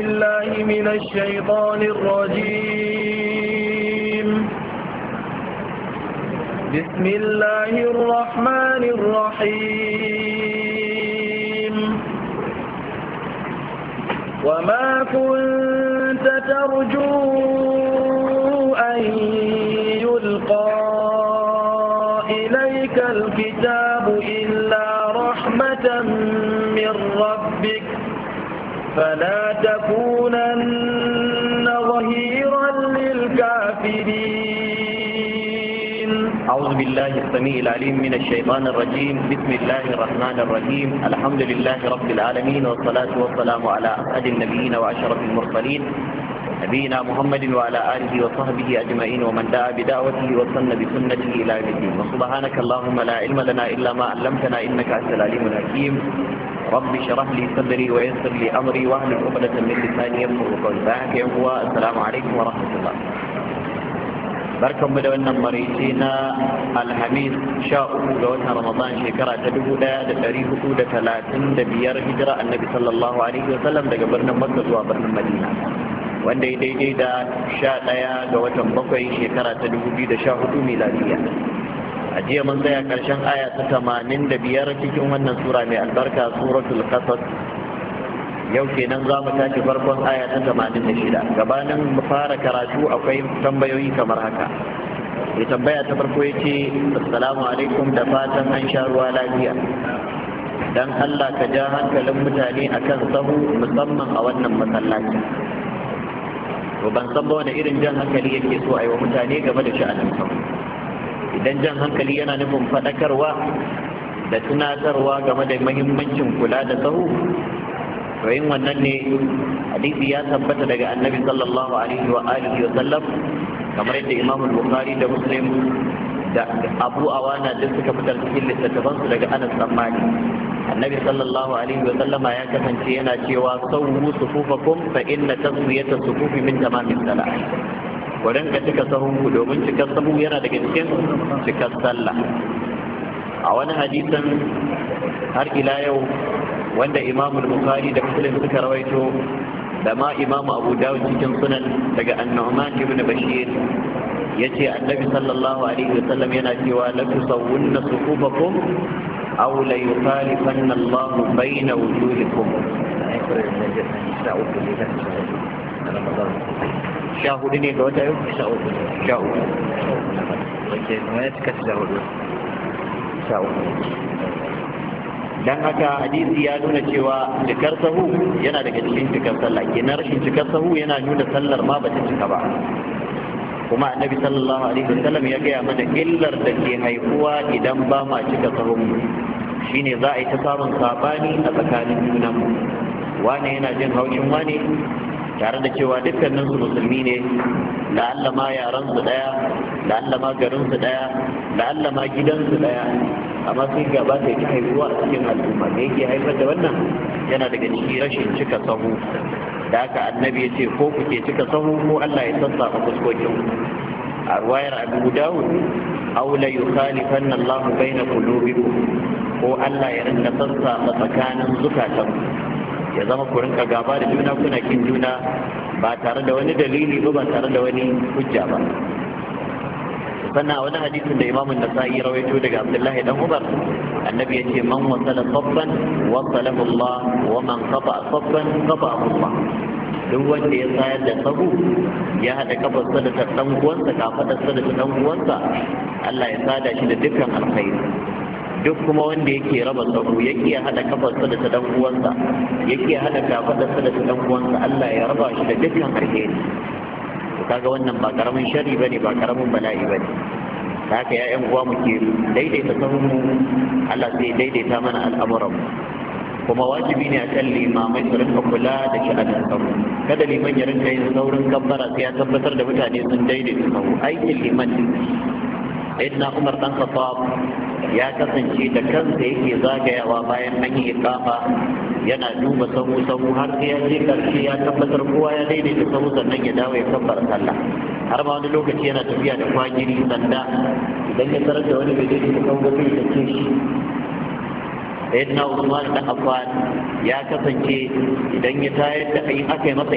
الله من الشيطان الرجيم بسم الله الرحمن الرحيم وما كنت ترجو أن يلقى إليك الكتاب إلا رحمة من ربك فلا تكونن ظهيرا للكافرين أعوذ بالله السميع العليم من الشيطان الرجيم بسم الله الرحمن الرحيم الحمد لله رب العالمين والصلاة والسلام على أسعد النبيين وعشرة المرسلين نبينا محمد وعلى آله وصحبه أجمعين ومن دعا بدعوته وصن بسنته إلى يوم الدين وسبحانك اللهم لا علم لنا إلا ما علمتنا إنك أنت العليم الحكيم رب اشرح لي صدري ويسر لي أمري واهل عقدة من لساني يفقه قولي بارك يا السلام عليكم ورحمة الله بركم mu da الحميد شاء الله رمضان شكرا تدبو لا watan قودة لا تندبير هجرة النبي صلى الله عليه وسلم دقبرنا da وابرنا مدينة wanda ya daidai da sha ɗaya ga watan bakwai shekara ta dubu biyu da sha hudu miladiya a jiya mun tsaya ƙarshen aya ta tamanin da biyar cikin wannan sura mai albarka suratul qasas yau kenan za mu tashi farkon aya ta tamanin da shida gabanin mu fara karatu akwai tambayoyi kamar haka Mai tambaya ta farko ya ce assalamu alaikum da fatan an sha ruwa lafiya dan Allah ka ja hankalin mutane akan sahu musamman a wannan masallacin to ban san ba wani irin jan hankali yake so a yi wa mutane game da sha'anin sauri idan jan hankali yana nufin faɗakarwa da tunatarwa game da mahimmancin kula da sahu to yin wannan ne hadisi ya tabbata daga annabi sallallahu alaihi wa alihi wa sallam kamar yadda imam bukhari da muslim da abu awana duk suka fitar cikin littattafansu daga anas sammani annabi sallallahu alaihi wa sallama ya kasance yana cewa sawwu sufufakum fa inna tasmiyata sufufi min tamamis salah ku rinka cika sahunku domin cikar sahu yana daga cikin cikar sallah a wani hadisan har ila yau wanda imamu bukhari da muslim suka rawaito da ma imamu abu dawud cikin sunan daga annu'man ibn bashir yace annabi sallallahu alaihi wa sallam yana cewa la tusawwunna sufufakum أو ليخالفن الله بين وجوهكم شاهد ne ga wata haka hadisi ya nuna cewa cikar sahu yana daga cikin cikar sallah kenan rashin cikar sahu yana nuna sallar ma ba ta cika ba kuma annabi sallallahu alaihi wasallam ya gaya mana illar da ke haihuwa idan ba ma cika sahun mu shine za a yi ta samun sabani a tsakanin junan mu wane yana jin haushin wane tare da cewa dukkanin su musulmi ne La'allama ma yaran su daya la'alla ma garin su daya la'alla ma gidan su daya amma sai gaba ta yi haihuwa a cikin al'umma da yake haifar da wannan yana daga cikin rashin cika sahu da haka annabi ya ce ko kuke cika sahu ko Allah ya sassafa fuskokin a ruwayar abu dawud aw la yukhalifanna Allahu baina qulubikum ko Allah ya rinka sassafa tsakanin zukatan ya zama ku rinka gaba da juna kuna kin juna ba tare da wani dalili ba ba tare da wani hujja ba sannan a wani hadisin da imamun da sa'i rawaito daga abdullahi dan umar annabi ya ce man wasala sabban wasalahu allah wa man qata sabban qata allah duk wanda ya sayar da sabu ya hada kafarsa da dan uwansa kafadarsa da dan uwansa Allah ya sada shi da dukkan alkhairi duk kuma wanda yake raba sabu yake hada kafarsa da dan uwansa yake hada kafadarsa da dan uwansa Allah ya raba shi da dukkan alheri to kaga wannan ba karamin sharri bane ba karamin bala'i bane da haka ya uwa muke, daidaita sahun Allah zai daidaita mana al'amuran mu kuma wajibi ne a kan limamai su rinka kula da a sahu kada liman ya rinka yin saurin gabbara sai ya tabbatar da mutane sun daidaita sahu aikin liman sayyidina Umar dan Khattab ya kasance da kansa yake zagayawa bayan an yi iqama yana duba sahu sahu har sai ya je karshe ya tabbatar kowa ya daidaita sahu sannan ya dawo ya kabbar sallah har ma wani lokaci yana tafiya da kwagiri sanda idan ya tarar da wani bai daidaita da ba sai ya ce shi sayyidina umar dan khattab ya kasance idan ya tayar da ai aka yi masa